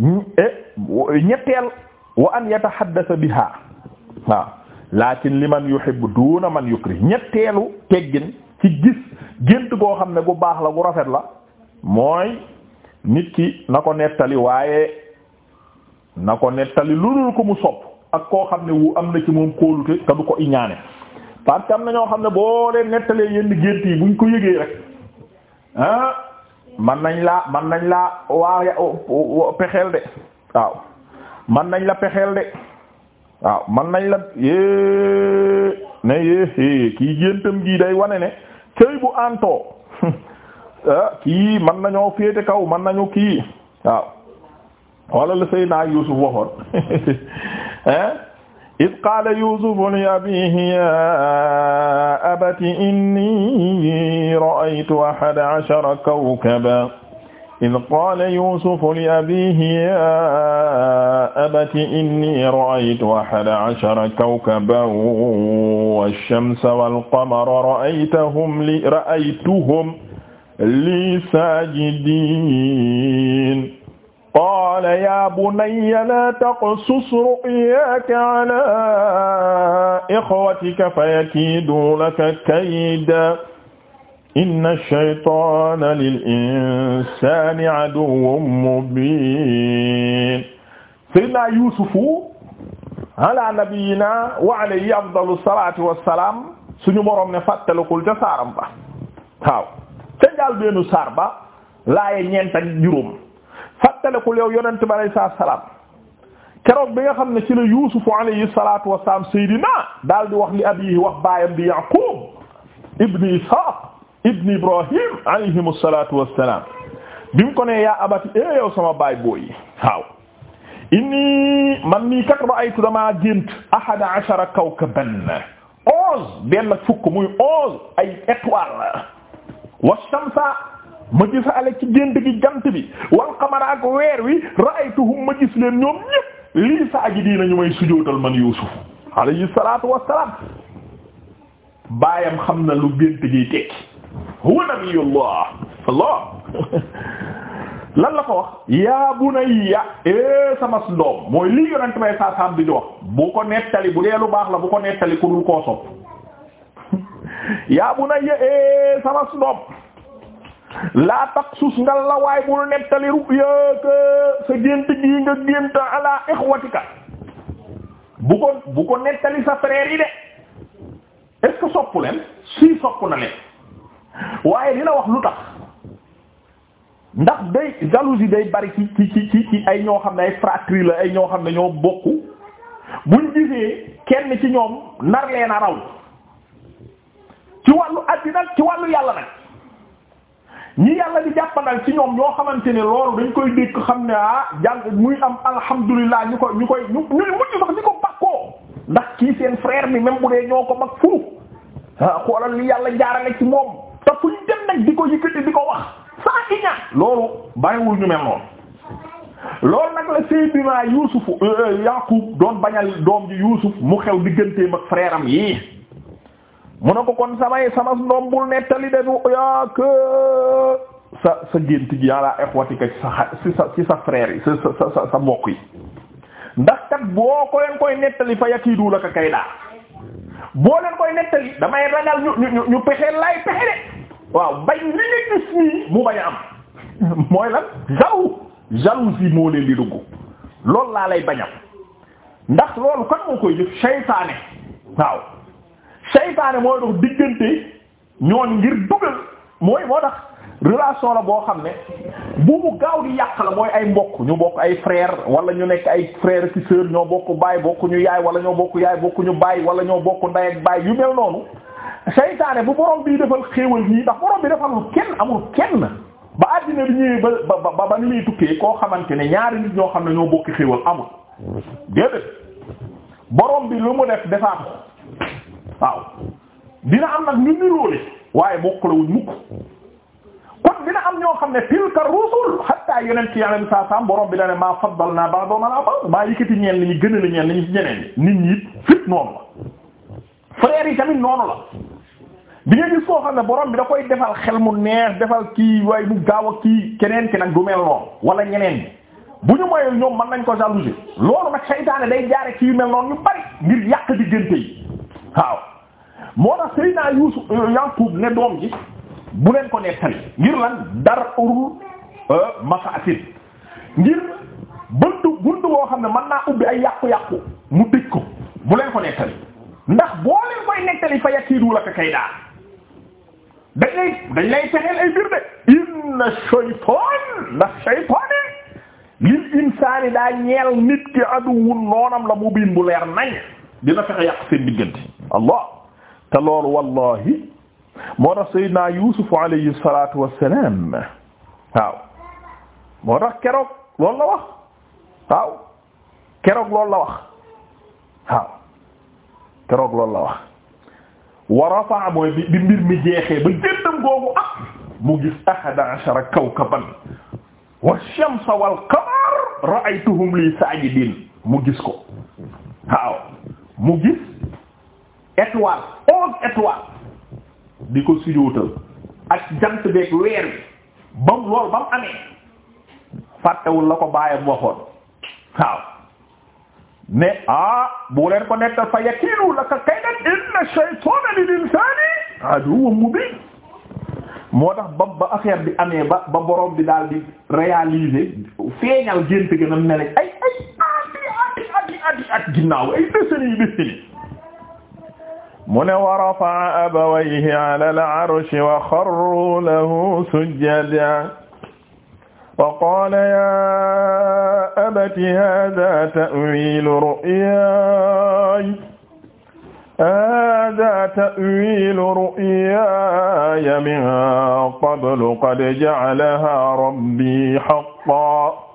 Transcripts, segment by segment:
Eh, ñetteel wa an yatahaddasa biha waaw lakin yu yuhibbu duna man yukri ñetteelu teggin ci gis gént goo xam ne gu baax la gu rafet la mooy nit ki na ko nettali waaye na ko nettali lu dul ko mu sopp ak koo xam ne wu am na ci moom kóolute te du ko iñaane parce am na ñoo xam ne boo leen nettalee yenn gént yi buñ ko yëgee rek ah, man nañ laa man nañ laa waaya pexeel de waaw man nañ la pexeel de waaw man nañ la yée ne yée kii géntam gii day wane ne këy bu antoo ah, kii man nañoo féete kaw man nañu kii waaw wala la Seydina Yuusuf waxoon hein eh? iz qaala yuusufu li abiihi yaa abati innii ra'aytu ahada ashara kawkaban iz qaala yuusufu li abiihi yaa abati innii ra'aytu ahada ashara kawkaban wash-shamsa wal-qamara ra'aytahum li ra'aytuhum lii saajidiin qaala yaa bunayya laa taqsus ru'yaaka alaa ixwatika fayakiiduu laka kaydan inna shaytaana lil insaani aduwwun mubiin. Sayyidinaa Yuusuf alaa nabiyyinaa wa alayhi afdalu salaatu wa salaam suñu boroom ne fàttalikul ca saaram ba waaw ca jaal benn saar ba laaye ñeent ak juróom. fàttalekul yow yonent bi alayhi salaatu salaam keroog bi nga xam ne ci la yuusufu alayhi salaatu wasalaam daal di wax li abiihi wax baayam di yaqub ibni isaaq ibni ibrahim alayhimu salaatu bi mu ko ne yaa abati e yow sama baay booyi waaw inni man nii kat ra'aytu damaa gént ahada ashara kawkaban onze benn fukk muy ay étoile wa shamsa ma gisaale ci gént gi jant bi wal qamara ak weer wi ra'aytuhum ma gis leen ñoom ñépp lii saajidiina ñu may sujootal man Yuusuf alayhi salaatu wassalaam baayam xam na lu gént gi tekki huwa nabiyullah Allah lan la ko wax yaa bunayya ee eh, sama doom mooy lii yonent may saa saam bi bu ko nettali bu dee lu baax la bu ko nettali ku dul koo sopp yaa bunayya ee eh, sama doom laa tax taqsus nga la waay bul nettali ru'yaaka sa gént gi nga gént ala ikhwatika bu ko bu ko nettali sa frère yi de est ce leen si soppu na leen waaye dina wax lu tax ndax day jalousie day bari ci ci ci ay ñoo xam ne ay fratrie la ay ñoo xam ne ñoo bokk buñ gisee kenn ci ñoom nar leen a raw ci wàllu àddina ci wàllu yàlla nag. ñi yàlla di jàppandal ci ñoom ñoo xamante ne loolu dañ koy dégg xam ne ah jàng muy am alhamdulilah ñu ko ñu koy ñu ñuy mujj sax di ko bakkoo ndax kii seen frère bi même bu ñoo ko mag fu ah xoolal li yàlla jaarale ci moom te fu ñu dem nag di ko yëkkati di ko wax saa iña loolu bàyyiwul ñu mel noonu loolu nag la Seydina Yuusuf euh, euh, Yaqub doon bañal doom ji Yuusuf mu xew digganteem ak frère am yii mu ne ko kon samay sama doom bul nettali de du yaa sa sa gént gi yàlla exwatika ci sa xa ci sa ci yi sa sa sa mbokk yi ndax kat boo ko leen koy nettali fa yakiidu la ka kay daa boo leen koy nettali damay ragal ñu ñu ñu pexeel lay pexe de waaw bañ li nga gis nii mu bañ a am mooy lan jaloux jalousie moo leen di dugg loolu laa lay bañam ndax loolu kan moo koy jëf seytaane waaw seytaane mooy dox diggante ñoon ngir dugal mooy moo tax relation la boo xam ne bu gaaw di yàq la mooy ay mbokk ñu bokk ay frère wala ñu nekk ay frère ci sœur ñoo bokk baay bokk ñu yaay wala ñoo bokk yaay bokk ñu baay wala ñoo bokk ndey ak baay yu mel noonu seytaane bu borom bi defal xéewal ñii ndax borom bi dafa amul kenn amul kenn ba àddina bi ñëwee ba ba ba ba ni muy tukkee koo xamante ne ñaari nit ñoo xam ne ñoo bokk xéewal amul déedéet bi lu mu waaw dina am nag ñu niroole waaye bokkule wuñ mukk kon dina am ñoo xam ne tilka rusul hatta yonent ci yàlla saa saam borom bi la ne maa faddalnaa ba'dahum alaa ba'd maa yëkkati ñeen ñi gën a la ñeen ñi ci ñeneen nit ñi it fit yi tamit noonu la bi nga gis bi da koy xel mu neex defal kii waaye mu gaaw ak kii keneen ki nag du mel wala ñeneen bu ñu moyul ñoom mën nañ ko jalouser loolu nag saytaane day jaare ci yu mel noonu ñu bari ngir yàq diggante yi waaw moo tax Seydina Yuusuf euh, Yaqub ne doom ji bu leen ko nettali ngir lan dar ur euh, mafaasid ngir buntu buntu boo xam ne man naa ubbi ay yàqu-yàqu mu tëj ko bu leen ko nettali ndax boo leen koy nettali fa yakiidu laka kaydaa dañ lay dañ lay fexeel ay mbir de inna shaytaan ndax shaytaane lil insaani daa ñeel nit ki aduwun noonam la mu biin bu leer nañ dina fexe yàq seen diggante allah te loolu wallahi moo tax sayyidina Yuusuf alayhi salaatu wassalaam waaw moo tax keroog loolu la wax waaw keroog loolu la wax waaw keroog loolu la wax wa rafa'a mooy bi mbir mi jeexee ba géndam googu ak ah, mu gis ahada ashara kawkaban wa shamsa wal qamar ra'aytuhum li saajidiin mu gis ko waaw mu gis étoile onze étoile di ko sujjóotal ak jant beeg weer bi ba mu lool ba mu amee fàttewul la ko baayam waxoon waaw ne ah bu leen ko nekk fa yakiinu laka kaydan inna shaytaana lil insaani aduwwun mubiin moo tax ba ba affaire bi amee ba ba borom bi daal di réaliser feeñal gént gën a mel ay ay. at at ginnaaw ay décennies décennies mu ne wa rafa'a abawayhi ala al-arshi wa xarru lahu sujjadan wa qaala ya abati haaza ta'wiilu ru'yaaya هذا تأويل رؤياي من قبل قد جعلها ربي حقا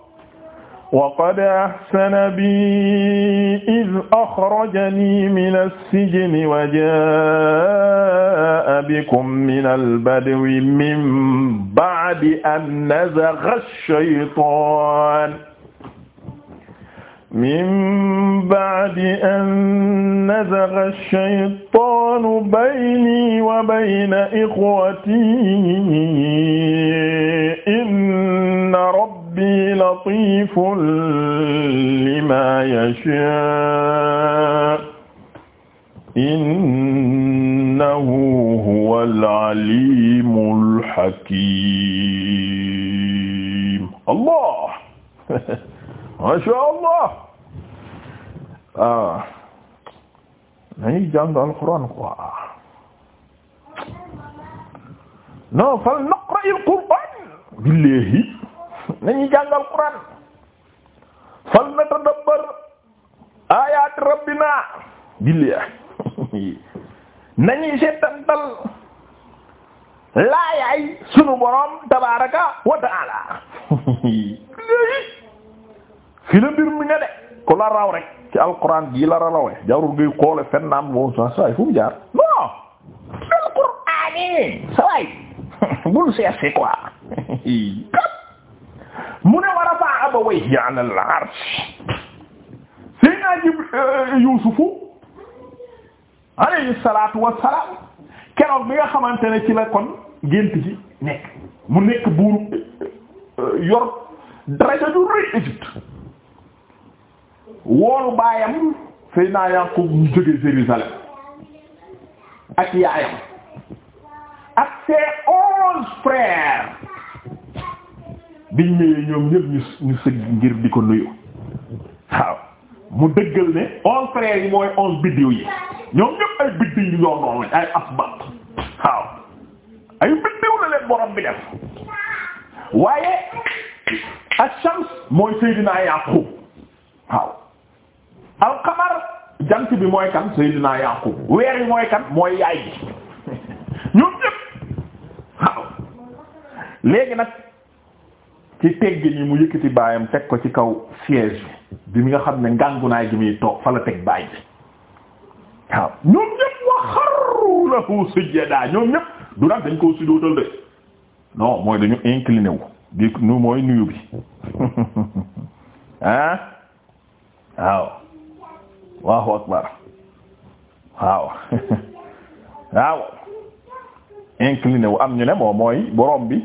وقد أحسن بي إذ أخرجني من السجن وجاء بكم من البدو من بعد أن نزغ الشيطان من بعد أن نزغ الشيطان بيني وبين إخوتي إن ربي rabbi latifun lima yasha innahu huwal alimul hakim allah masha allah ah nañuy jàng alquran quoi non fal naqra alquran billahi nañu jàngal quran fal natadabbar ayat rabbina billaah nañuy seetantal laayaay sunu borom tabaraka wa taala fi la mbir mi ne de ku la rek ci alquran ji la rawee jarul ngay xoole fenn naam moom sa saay fu mu jaar non alquran yi sawaay bul chercher quoi mu ne war a baa abawayhi ala al-arsh Seydina Jibril euh, Yuusufu alayhi salaatu wassalaam keroog bi nga xamante ne ci la kon gént gi nekk mu nekk buuru euh, yor daraja ju rëy Égypte woolu baayam Seydina mu jóge Jérusalem ak yaayam ak ses onze frères biñ ñëwee ñoom ñëpp ñu sëgg ngir di ko nuyu waaw mu dëggal ne onze frères yi mooy onze biddiw yi ñoom ñëpp ay biddiw yu ñoo noonu ay asbat waaw ay biddiw la leen borom bi def waaye ash-shams mooy Seydina Yaqub waaw al-qamar bi mooy kan Seydina Yaqub weer mooy kan mooy yaay bi ñoom ñëpp waaw léegi nag ci teggi ni mu yëkkati baayam teg ko ci kaw siège bi bi nga xam ne ngàngunaay gi muy toog fa la teg baay waaw ñoom ñëpp wa xarru lahu sujjadaa ñoom ñëpp du nag dañ koo sujjóotal de non mooy dañu incliné wu di nu mooy nuyu bi ah waaw Allahu akbar waaw waaw incliné am ñu ne moom mooy borom bi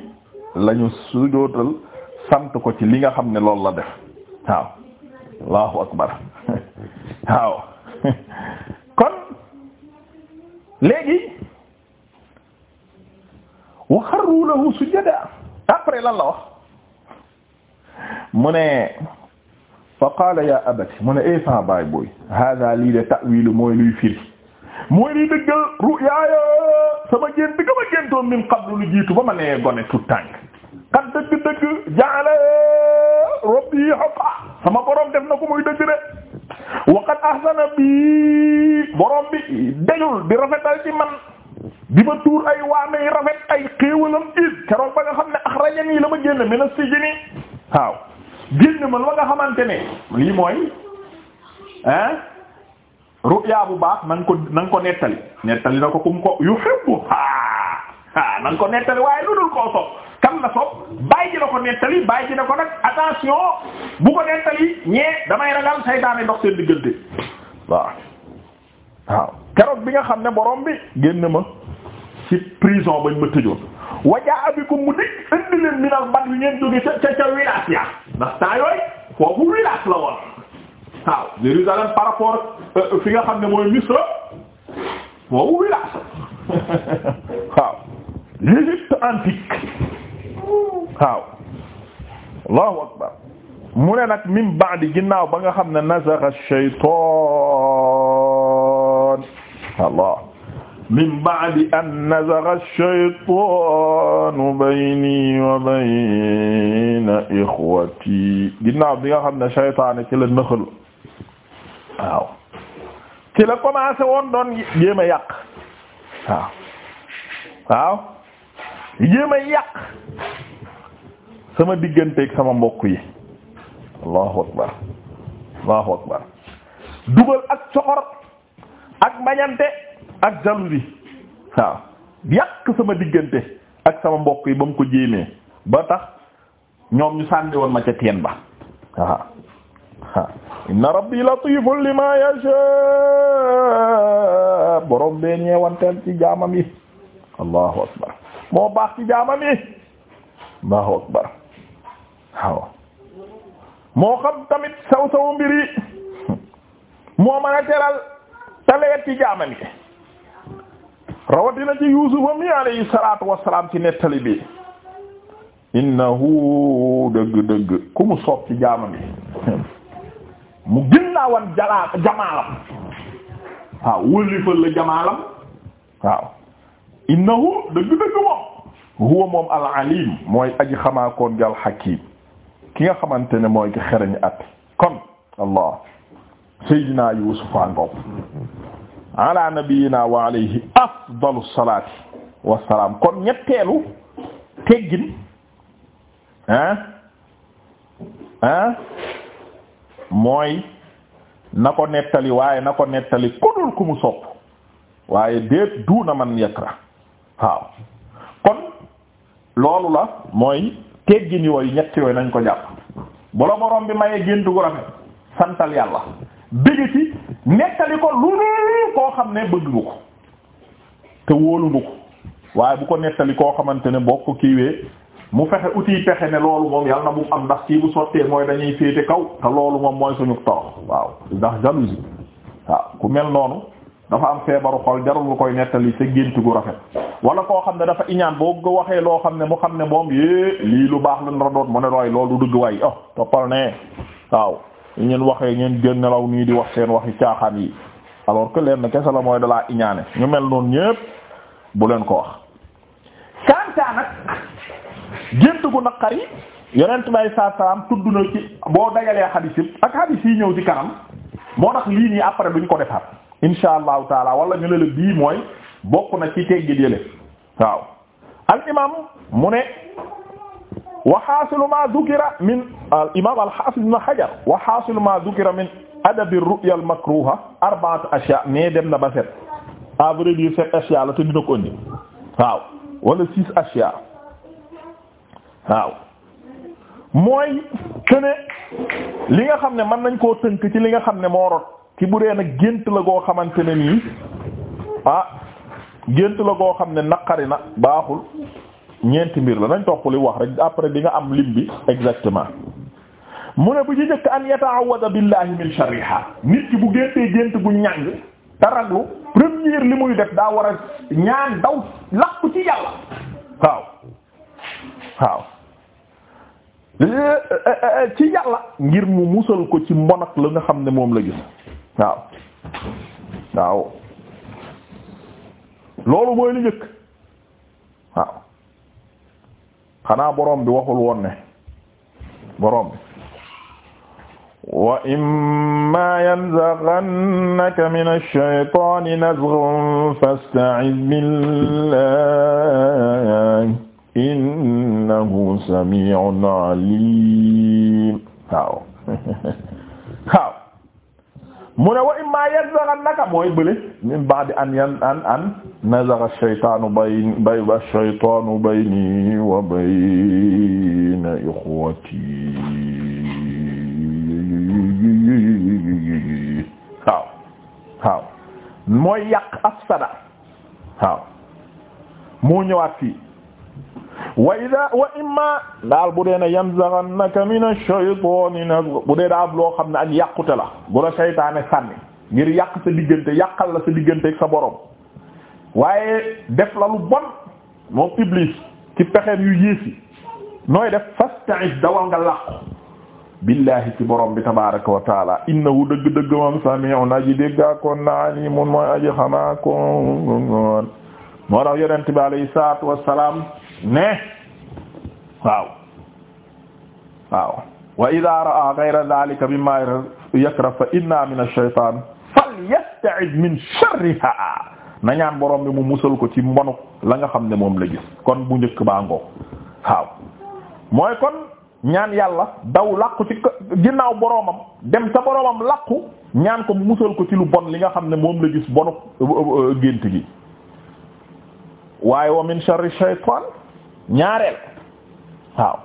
lañu sujjóotal sant ko ci li nga xam ne loolu la def waaw allahu akbar waaw kon léegi wa xarru lahu après lan wax mu ne fa qaala ya abati mu ne e eh, sa baay booy hada lii de ta'wilu mooy luy firi mooy luy dëggal ru'yaaya sama gént ga ma géntoon min qablu lu jiitu ba ma nee gone tout tànk kat dëgg-dëgg jaale rabbi haqa sama borom def na ko muy dëgg de waqad ahsana bi borom dejul di rafetal ci man di ma tuur ay waame yi rafet ay xéewalam it keroog ba nga xam ne akhrajani la ma génn mina sijni waaw génn ma la nga xamante ne lii mooy ah ru'ya bu baax na nga ko na nga ko nettali nettali na ko kum ko yuhibbu ha ha na ko nettali waaye lu dul kan la sopp bàyyi ji la ko nettali bàyyi ji na ko nag attention bu ko nettali ñee damay ragal saytaane ndox seen diggante waaw waaw keroog bi nga xam ne boroom bi génn ma ci prison bañ ma tëjoon wajaa abikum mu dikk indi leen minal bat yu ngeen jóge ca ca wilaas ya ndax temps yooyu foofu wilaas la woon waaw Jérusalem par rapport euh, fi nga xam ne mooy Misra foofu wilaas waaw l'Égypte antique waaw allahu akbar mu ne nag min ba'di ginnaaw ba nga xam ne nazaxa shaytaan allah min ba'di an nazaxa shaytaanu bayni wa bayna ixwati ginnaaw bi nga xam ne shaytaan ci la nëxal waaw ci la commencé woon doon jéem a yàq waaw waaw jéem a yàq sama digganteeg sama mbokk yi allahu akbar allahu akbar dugal ak soxor ak mbañante ak jalousie waaw yàq sama diggante ak sama mbokk yi ba mu ko jéemee ba tax ñoom ñu sànni ma ca teen ba waaw inna rabbi latifun lima yasha borom bee ñeewanteel ci jaamam yi allahu akbar moo baax ci jaamam yi Allahu akbar waaw moo xam tamit saw sawu mbir yi moo mën a teral talewet ci jaamam yi rawatina ci Yuusufa mi alayhi salaatu wassalaam ci nettali bi innahu dëgg-dëgg ku mu soob ci jaamam yi mu ginnaawan jalaa jamaalam waaw wëlifal la jamaalam waaw innahu dëgg-dëgg moom huwa moom al-alim mooy aji xamaakoon di al-hakim ki nga xamante ne mooy ki xereñ at kon allah sayyidina yusuf ngob ala nabiyyina wa alayhi afdalu salati wasalaam kon ñetteelu teggin ah ah mooy na ko nettali waaye na nettali ku ku mu sopp waaye déet duuna man yakra waaw kon loolu la mooy teggin yooyu ñett yooyu nañ ko jàpp bu la bi mayee gént gu rafet santal yàlla bëgg ci nettali ko lu ne koo xam ne bëgg nga ko te wóolu ko waaye bu ko nettali koo xamante ne boo ko kiiwee mu fexe uti pexe ne loolu moom yàlla na bu am ndax kii bu sottee mooy dañuy féete kaw te loolu moom mooy suñu torox waaw ndax jalousie waaw ku mel noonu dafa am feebaru xol jarul koy nettali te gént gu rafet wala koo xam ne dafa iñaan boo ko waxee loo xam ne mu xam ne moom yée lii lu baax lan radoot mu ne looy loolu du dëgg waay oh toppal ne waaw ñeen waxee ñeen gën nelaw nii di wax seen waxi caaxaan yi alors que leen kese la mooy dalaa iñaane ñu mel noonu ñépp bu leen ko wax kantaa nag gént gu naqari yonent bay saa salaam tudd na ci boo dajalee xadiis yi ak xadiis yi ñëw di kanam moo tax lii nii après duñ ko defaat insha allah taala wala ñu la bii mooy bokk na ci teggit yële waaw al imam mu ne wa xaasilu ma dukira min al imam al xaafis ibn wa xaasilu ma dukira min adab ar-ru'ya arba'at ashya mais dem na ba set à vrai dire sept la te dina ko indi waaw wala six ashya waaw mooy que li nga xam ne mën nañ koo tënk ci li nga xam ne moo ci bu dee nag gént la goo xamante ne nii ah gént la goo xam ne naqari na baaxul ñeenti mbir la nañ topp li wax rek après di nga am lim bi exactement mu ne bu ci njëkk an yata'awwada billahi min sharriha nit ki bu géntee gént bu ñàng te raglu première li muy def daa war a ñaan daw lakk ci yàlla waaw waaw eh, eh, eh, ci yàlla ngir mu musal ko ci mbon ak la nga xam ne moom la gis waaw waaw loolu mooy li njëkk waaw xanaa borom bi waxul woon ne borom bi wa imma yanzaghannaka minash shaytaani nazghun fasta'iz billahi innahu sami'un alim waaw mu ne wa imma yanzaghannaka mooy bële min ba'di an yan an an nazagha ash-shaytanu bayni bay ash-shaytanu bayni wa bayna ikhwati waaw waaw mooy yàq afsada waaw moo ñëwaat wa daal bu dee ne yanzaghannaka mina shaytaani nazghun bu dee daal loo xam ne ak yàqute la bu la seytaane sànni ngir yàq sa diggante yàqal la sa diggante ak sa borom waaye def la lu bon moom iblis ci pexeem yu yéesi nooy def fasta'id dawal nga làqu billahi ci borom bi tabaraka wa dëgg-dëgg moom sami'un aji déggaakoon na alimun mooy aji xamaakoon moo tax yonent bi alayhi salaatu wassalaam ne waaw waaw wa idha ra'a ghayra dhalika mimma yakra fa inna min ash-shaytan falyasta'id min sharriha na ñaan borom bi mu musal ko ci mbonuk la nga xam ne moom la gis kon bu njëkk baa ngoo waaw mooy kon ñaan yàlla daw làqu ci ginnaaw boromam dem sa boromam làqu ñaan ko musal ko ci lu bon li nga xam ne moom la gis bonuk euh, euh, gént gi waaye wa min sharri shaytan ñaareel waaw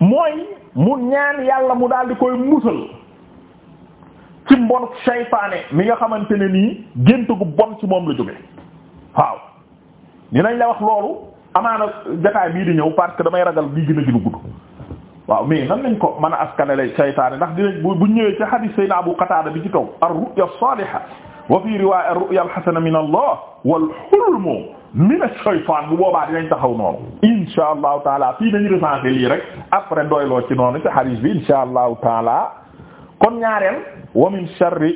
mooy mu ñaan yàlla mu daal di koy musal ci mbonu saytaane mi nga xamante ne nii gént gu bon ci moom la jóge waaw dinañ la wax loolu amaana jotaay bii di ñëw parce que damay ragal bii gën a gën a gudd waaw mais nan lañ ko mën a askanale saytaane ndax dinañ bu ñëwee ci hadith sayna Abu Qatada bi ci kaw ar-ru'ya as-saliha wa fi riwaya ruya al-hasana min Allah wal hulm mina shaytaan bu boobaa dinañ taxaw noonu insha allahu taala fii nañu recensé lii rek après doyloo ci noonu ci hadith bi insha allahu taala kon ñaareel wa min sharri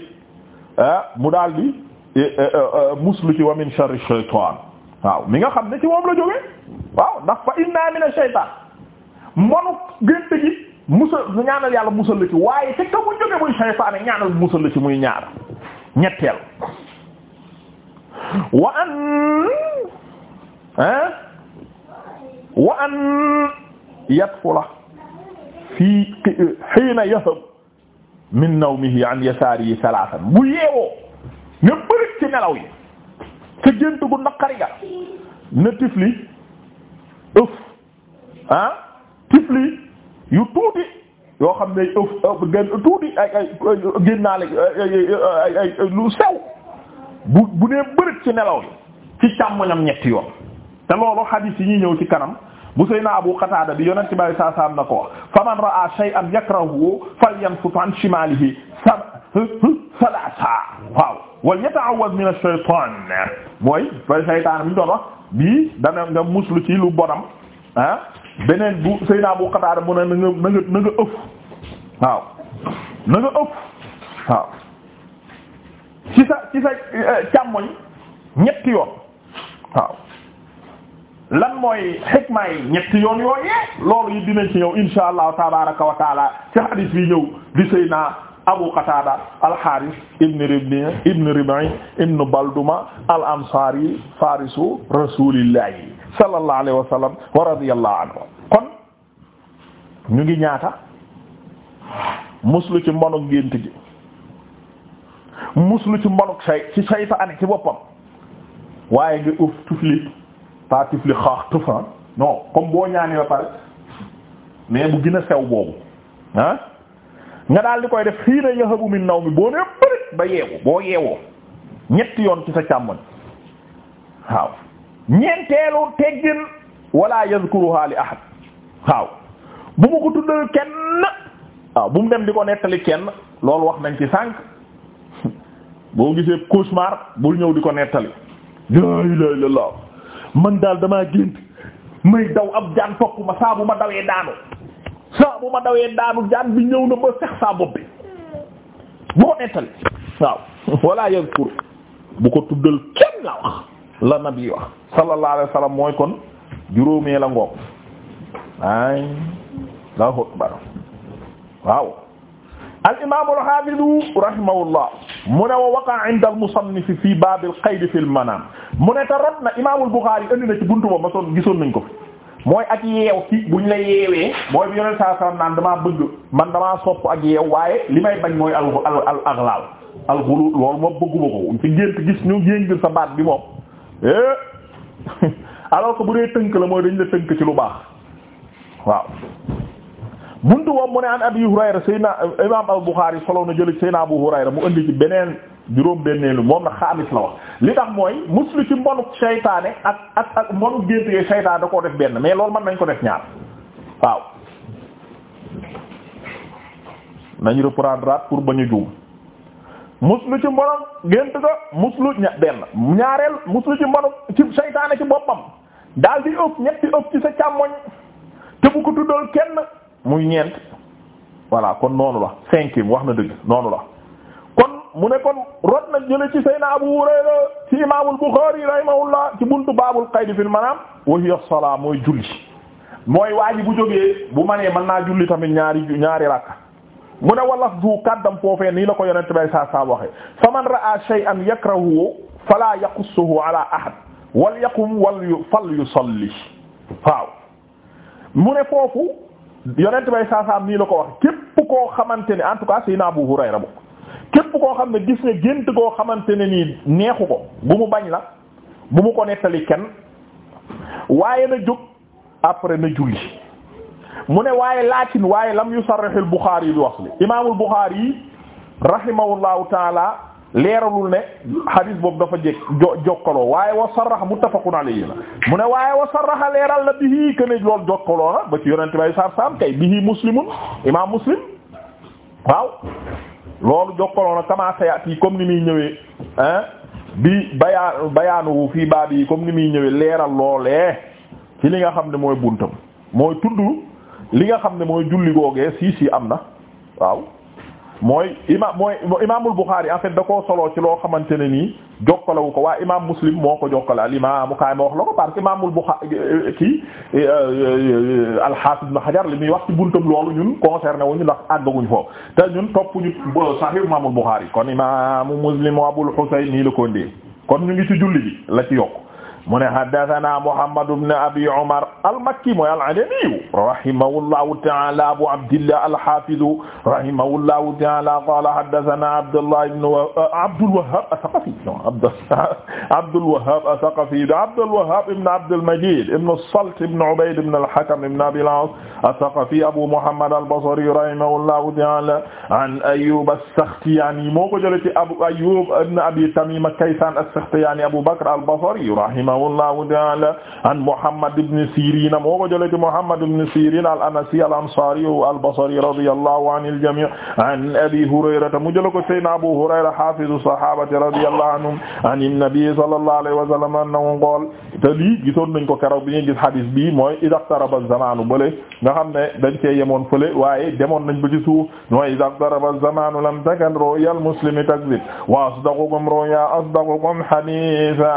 ah, mu daal di eh, eh, eh, muslu ci wa min sharri shaytaan waaw mi nga xam ne ci moom la jógee waaw ndax fa inna mina shaytaan monu gént gi musal ñaanal yàlla musal la ci waaye te ka mu jóge muy shaytaan ñaanal musal la ci muy ñaar ñetteel wa an ah wa an yatfula fii hiina yahab min nawmihi an yasaarihi salaasan bu yeewoo nga bëri ci nelaw yi ca gént gu naqari ga na tifli ëf ah tifli yu tuuti yoo xam ne ëf gën tuuti ay ay génnaale ay ay lu sew bu bu nee bërët ci nelaw li ci càmmoñam ñetti yoon te loolu xadiis yi ñuy ñëw ci kanam bu sayna Abu Qatada bi yonent bi saa saam na ko wax faman ra'a shay'an yakrahu falyanfut an shimalihi salasa waaw wal yata'awwad min ash-shaytan mooy fa shaytaan mi doon wax bii dana nga muslu ci lu bonam ah, beneen bu sayna Abu Qatada mu ne na nga na nga na nga waaw na nga waaw ci sa ci sa euh, càmmoñ ñetti yoon waaw lan mooy xikma ñetti yoon yooyee loolu yi dinañ ci ñëw insha allahu tabaraka wa taala ci hadis bi ñëw di Seydina Abu Qatada al ibn Rib'i ibn Rib'i ibn Balduma al-Ansari farisu rasulillahi sallallahu alayhi wa wa radiyallahu anhu kon ñu ngi ñaata muslu ci mbonu gént gi muslu ci mbaluk say ci saytaane ci boppam waaye nga uf tufli pas tufli xaax tufan ah. non comme boo ñaanee ba pare mais bu gën sew boobu ah. nga daal di koy def xii na yahabu min naw mi boo nee bërit ba yeewu boo yeewoo ñetti yoon ci sa càmmoñ waaw ñeenteelu teggin wala yazkuruha li ahad waaw bu mu ko tuddal kenn waaw bu mu dem di ko nettali kenn loolu wax nañ ci sànq boo gisee cauchemar bul ñëw di ko nettali laa ilaaha illallaah man daal damaa gént may daw ab jaan topp ma ma dawee daanu saa ma dawee daanu jaan bi ñëw na ba sex saa bopp bi bu ko nettali waaw walla yazkur bu ko tuddal kenn la wax la nabi wax sallallahu alayhi mooy kon juróomee la ngoog ay la hot bar waaw al imaamul haafidu rahimahullah mu ne wa waqa inda al musannif fii baab al qayd fi al manaam mu ne te rot na imaamul Buxaari indi na ci buntu ba gisoon nañ ko mooy ak yeew ci buñ la yeewee mooy bi yoneen saa sallam naan damaa bëgg man damaa sopp ak yeew waaye li may bañ mooy al al al loolu moom bëgguma ko ci gént gis ñu yëngil sa baat bi moom eh, alors que bu dee tënk la mooy dañ la tënk ci lu baax waaw buntu boobu mu ne an Abi Hurayra Seyna Imaam al-Bukhari solo na jël Seyna Abu Hurayra mu indi ci beneen juróom-benneelu moom na xaamis la wax. li tax mooy muslu ci mbonu seytaane ak ak ak mbonu gént yooyu seytaane da koo def benn mais loolu mën nañ ko def ñaar waaw. nañ reprendre raat pour bañ a juum muslu ci mbonu gént ga muslu ña benn ñaareel muslu ci mbonu ci seytaane ci boppam daal di ëpp ñetti ëpp ci sa càmmoñ te bu ko tuddal kenn. muy ñeent voilà kon noonu la cinquième wax na dëgg noonu la kon mu ne kon rot na jële ci sayna Abu Hurayra ci imaamul Bukhari rahimahullah ci buntu baabul qayd fil manaam wa hiya salaa mooy julli mooy waa bu jógee bu manee mën naa julli tamit ñaari ñaari rakka mu ne walaf du kàddam foofee nii la ko yonent bay saa saa waxee fa man ra'a shay'an yakrahu fala yaqussuhu ala ahad wal yaqum wal fal yusalli mu ne foofu yonent bay saasaam nii la ko wax képp koo xamante ne en tout cas sayna Abu Hurayra bokk képp koo xam ne gis ne gént goo xamante ne nii neexu ko bu mu bañ la bu mu ko nettali kenn waaye na jóg après na julli mu ne waaye laakin waaye lam yusarrih al Bukhari bi wax li imaamul Bukhari rahimahullahu taala leeralul ne xadis boobu dafa jég jo jokkaloo waaye wa sarraha muttafaqun alayhi la mu ne waaye wa leeral na bihi que ne loolu jokkaloo ba ci yonent bay sar sam kay bihi muslimun imaam muslim waaw loolu jokkaloo na kama comme ni muy ñëwee ah bi bayaan bayaanu fii baab yi comme ni muy ñëwee leeral loole ci li nga xam ne mooy buntam mooy tudd li nga xam ne mooy julli googee si si am na waaw mooy ima mooy imaamul Buxaari en fait da koo soloo ci loo xamante ne nii jokkalewu ko waa imaam Muslim moo ko jokkale al imaamu kaay ma wax la ko parce que imaamul Buxaari kii eh, eh, al-Hafiz Ibn Hajar li muy wax ci buntam loolu ñun wu ñu ndax àggaguñ foofu te ñun topp ñu Sahih imaamul Buxaari kon imaamu Muslim wa Abul Husayn nii la ko ndee kon ñu ngi ci julli bi la ci yokk mu ne haddathana Muhammad ibn Abi Umar al-Makki mooy al-Adami rahimahullahu ta'ala Abu Abdillah al-Hafiz rahimahullahu ta'ala qala haddathana Abdullah ibn uh, Abdul Wahhab ath-Thaqafi non Abdul Wahhab ath-Thaqafi Abdul Wahhab ibn Abd al-Majid ibn as-Salt ibn Ubayd ibn al-Hakam ibn Abi al-As ath-Thaqafi Abu Muhammad al-Basri rahimahullahu ta'ala an Ayyub as-Sakhtiyani moo ko jëlee ci Abu Ayyub ibn Abi Tamima Kaysan as-Sakhtiyani Abu Bakr al-Basri rahimahullahu ta'ala an Muhammad ibn Sirin moo ko jëlee ci Muhammad ibn Sirin al-Anasi al-Ansari al-Basri radiyallahu anil jami' an Abi Hurayrata mu jëlee ko Seydina Abu Hurayra hafizu sahabati radiyallahu anhum an an-nabi sallallahu alayhi wa sallam annahu qaala te lii gisoon nañ ko keroog bi ñuy gis hadith bi mooy idaqtaraba zamanu bële nga xam ne dañ cee yemoon fële waaye demoon nañ ba ci suuf mooy idaqtaraba zamanu lam takan ru'yal muslimi takzib wa asdaqukum ru'ya asdaqukum haditha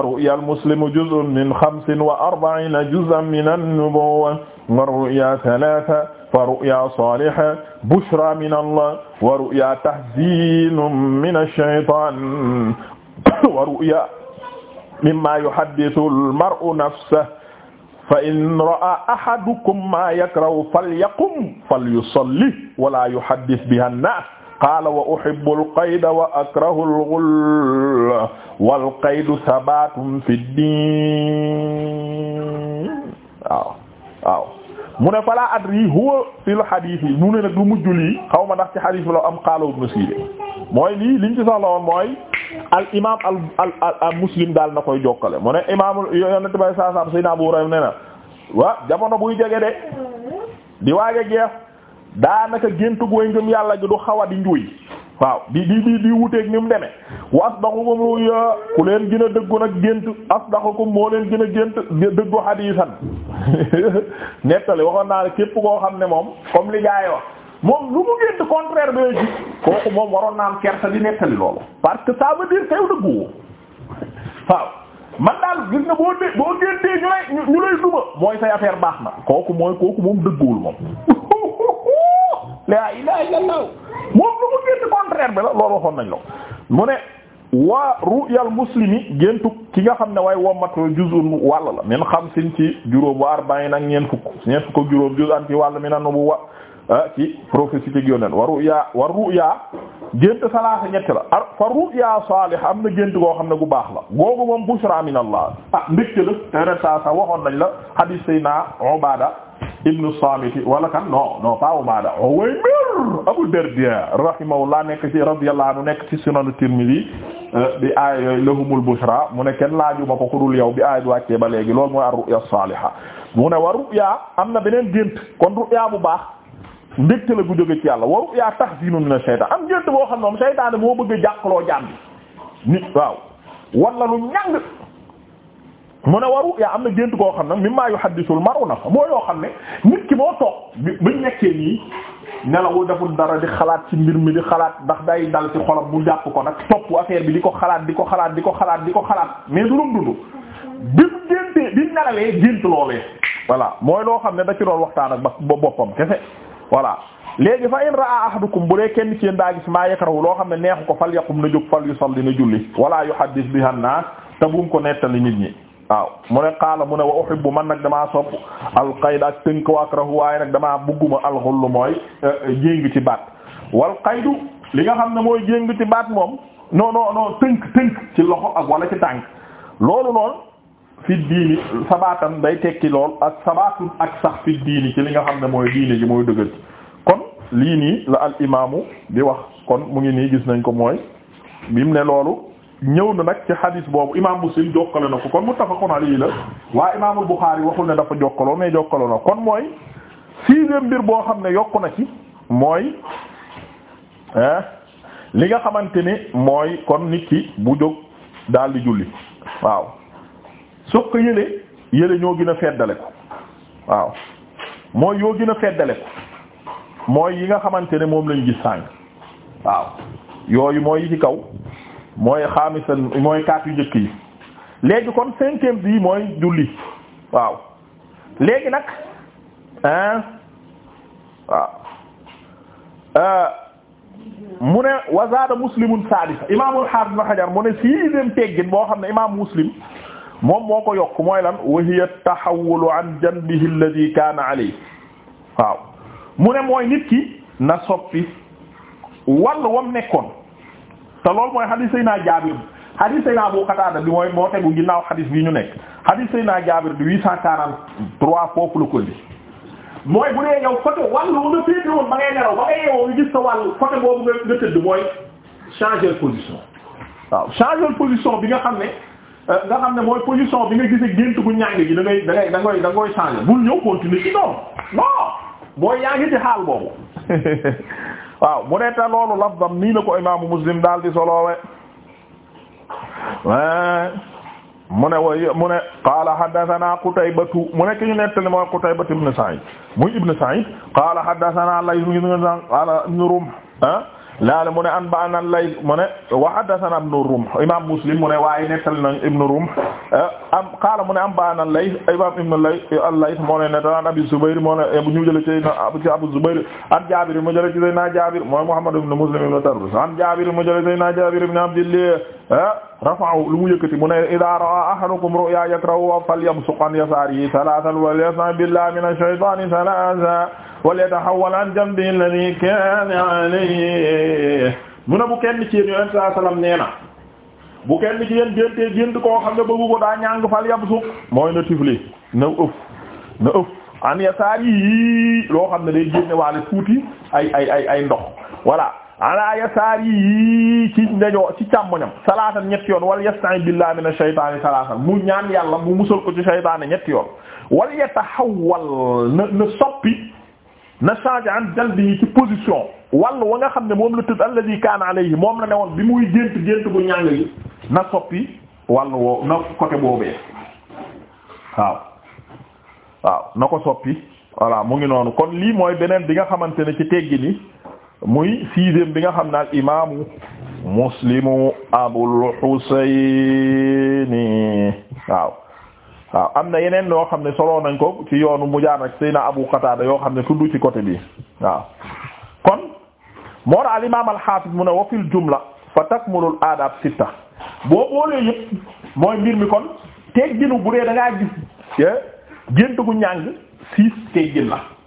warru'ya al-muslimu juz'un min xamsin wa arba'iina juz'an mina an-nubuwwa wa ru'ya salaasa fa ru'ya saaliha bushraa mina Allah wa ru'ya tahziinun mina ash-shaytaan wa ru'ya mimmaa yuhaddithu al-mar'u nafsahu fa in ra'a ahadukum maa yakrahu falyaqum falyusalli wa laa yuhaddith bihaa an-naas qaala wa uhibbu al-qayda wa akrahu al-ghull wal-qaydu sabatun fi ad-din waaw waaw mu ne fala adri huwa fil hadith yi mu ne nag lu mujj lii xaw ma ndax ci hadith la am qaala Ibn Sirin mooy lii liñ ci soxla woon mooy al imaam al al al muslim daal na koy jokkale mu ne imaamul yonent bay saa saam Seydina Abu Hurayra nee na wa jamono buy jege de di waaj a jeex daanaka gént gooy ngëm yàlla gi du xaw a di njuuy waaw di di di di wuteeg ni mu demee wa asdaqukum ruya ku leen gën a dëggu nag gént asdaqukum moo leen naa ne koo xam ne moom comme li gaay wax moom lu mu gént contraire bee ji kooku moom waroon naa am kersa di nettali loolu parce que ça veut dire teew dëggu woo waaw man daal gis nga boo dee boo géntee ñu lay ñu lay duma mooy say affaire baax na kooku mooy kooku moom dëgguwul moom la ilaha illallah moom lu mu génn contraire bi la loolu waxoon nañ la mu ne waa ruyal muslimi géntu ki nga xam ne way wommatoo juzun wàll la xam xamsin ci juróom wa arba'in ak ñeent fukk ñeent fukk ak juróom juz'an ci wàll mi na nu bu wa ah, ci prophétie ci yonent wa ruya wa ruya gént salaasa ñett la ar fa ruya salih am na gént koo xam ne gu baax la googu moom bushra min allah ah mbégte la te ren saa sax waxoon ibnu Saamit wala kan non non pas Ubaada oh, Uwaymir Abu Darda laa nekk ci radiyallahu anhu nekk ci sunan Tirmidhi bi euh, aaya yooyu lahumul bushra mu ne kenn laajuma ko kudul yow bi aaya bi wàccee ba léegi loolu mooy ar-ru'ya as-saaliha mu wa ru'ya am na beneen gént kon ru'ya bu baax ndégte la gu jóge ci yàlla wa ru'ya tahziinu min ash-shaytaan am gént boo xam ne moom seytaane moo bëgg a jàqloo jàmbi nit waaw wala lu ñàng mu ne waru yaa am na gént koo xam nag mimmaa yuhaddisul maru na fa moo yoo xam ne nit ki moo toog buñ nekkee nii nelawul deful dara di xalaat ci mbir mi di xalaat ndax day dal ci xolam mu jàpp ko nag topp affaire bi di ko xalaat di ko xalaat di ko xalaat di ko xalaat mais du doon dund bi mu géntee bi nelawee gént loo xam ne da waxtaan ak ba boppam kese voilà léegi fa in raa ahadukum bu dee kenn ci yéen daa gis maa yakrahu loo xam ne neexu ko fal yaqum na jóg fal yusalli na julli wala yuhaddis biha an-nas te bu ko nettali nit ñi waaw mu ne qaala mu ne wa uhibbu man nag damaa sopp alqayd ak tënk wa ak waaye nag damaa bugguma alxull mooy euh, jéng ci baat wal qaydu li nga xam ne mooy jéng ci baat moom non non non tënk tënk ci loxo ak walla ci tànk loolu noonu fi diini sabaatan day tekki lool ak sabaatun ak sax fi diini ci li nga xam ne mooy diini ji mooy dëgër kon lii nii la al imaamu di wax kon mu ngi nii gis nañ ko mooy mu ne loolu. ñëw na nag ci hadis boobu imam Muslim jokkale na ko kon muttafaqun alayhi la waa imaamul Bukhari waxul ne dafa jokkaloo mais jokkaloo na kon mooy sixième mbir boo xam ne yokk na ci mooy li nga xamante ni mooy kon nit ki bu jóg daal di julli waaw suq yële yële ñoo gën a feddale ko waaw mooy yoo gën a feddale ko mooy yi nga xamante ne moom lañ gis sànq waaw yooyu mooy yi kaw mooy xaamisan mooy kaat yu njëkk yi léegi kon cinquième bi mooy julli waaw léegi nag hein waaw euh, mu ne wazada muslimun sadisa imaamul hafiz ibn hajar mu ne sixième teggin boo xam ne imaam muslim moom moo ko yokk mooy lan wa hiya tahawulu an janbihi alladhi kaana alayhi waaw mu mooy nit ki na soppi wàll wam nekkoon te loolu mooy xadiis Seydina Jaabir xadiis Seydina Abu Qataada bi mooy moo tegu ginnaaw xadiis bi ñu nekk xadiis Seydina Jaabir bi 843 foofu la ko indi mooy bu dee yow côté wàllu nga féete woon ba ngay nelaw ba ngay yeewoo nga gis sa wàll côté boobu nga nga tëdd mooy changer position waaw position bi nga xam ne euh, nga xam ne mooy position bi nga gisee gént bu ñàng gi da ngay da ngay da ngay da ngay changer bul ñëw continuer ci noonu non mooy yaa ngi waaw mu ne te loolu lafzam nii la ko imaamu muslim daal di soloowe eh, mu ne wa mu ne qaala haddathana Qutaybatu mu ne ki ñu nettali mooy Qutaybatu ibn Sa'id muy ibn Sa'id qaala haddathana Layth ibn Sa'id qaala ibn Rumh ah, laala mu ne an ba anan lay mu ne wa haddathana ibnu Rumh imam Muslim mu ne waaye nettali nañ ibnu Rumh eh, am mu ne an ba anan lay imam ibnu lay al-Layth moo ne nettalaan eh, ñu jële ci Abu Zubayr an Jaabir mu jële ci Seydina Jaabir mooy Muhammad ibnu Muslim ibnu Tarus an Jaabir mu jële ci Seydina Jaabir ibnu Abdillah Eh, rafa'u lu mu yëkkati mu ne idha ra'a ahadukum ru'ya yakrahu falyabsuq an yasarihi thalathan walyasna billahi minash shaytani thalatha walyatahawwal an janbihi alladhi kana alayhi mu ne bu kenn ci yéen yonent sallallahu alayhi wasallam nee na bu kenn ci yéen géntee gént koo xam ne bëggu ko daa ñàng falyabsuq mooy na tifli na ëf na ëf an yasarihi loo xam ne day génne waale tuuti ay ay ay ay ala yasaar yi ci ndañoo ci càmmoñam salaatan ñetti yoon wal yasta'in billahi minash shaytaani salaatan mu ñaan yàlla mu musal ko ci shaytaane ñetti yoon wal yatahawwal na na soppi na changer an jalbi ci position wàll waa nga xam ne moom la tëdd alladhi kaana alayhi moom la ne woon bi muy gént gént bu ñàng yi na soppi wàll woo na côté boobee ko soppi voilà mu ngi noonu kon lii mooy beneen bi nga xamante ne ci teggi ni muy sixième bi nga xam ne al imaamu muslimu abul husayni waaw waaw am na yeneen loo xam ne solo nañ ko ci yoonu mu jaar ak Seydina Abu Qatada yoo xam ne tudd ci côté bi waaw kon moo al imaam al hafiz mu ne wa jumla fa takmulul adab sitta boo boolee yëpp mooy mbir mi kon tegginu bu dee da gis eh, gént gu ñàng siis teggin la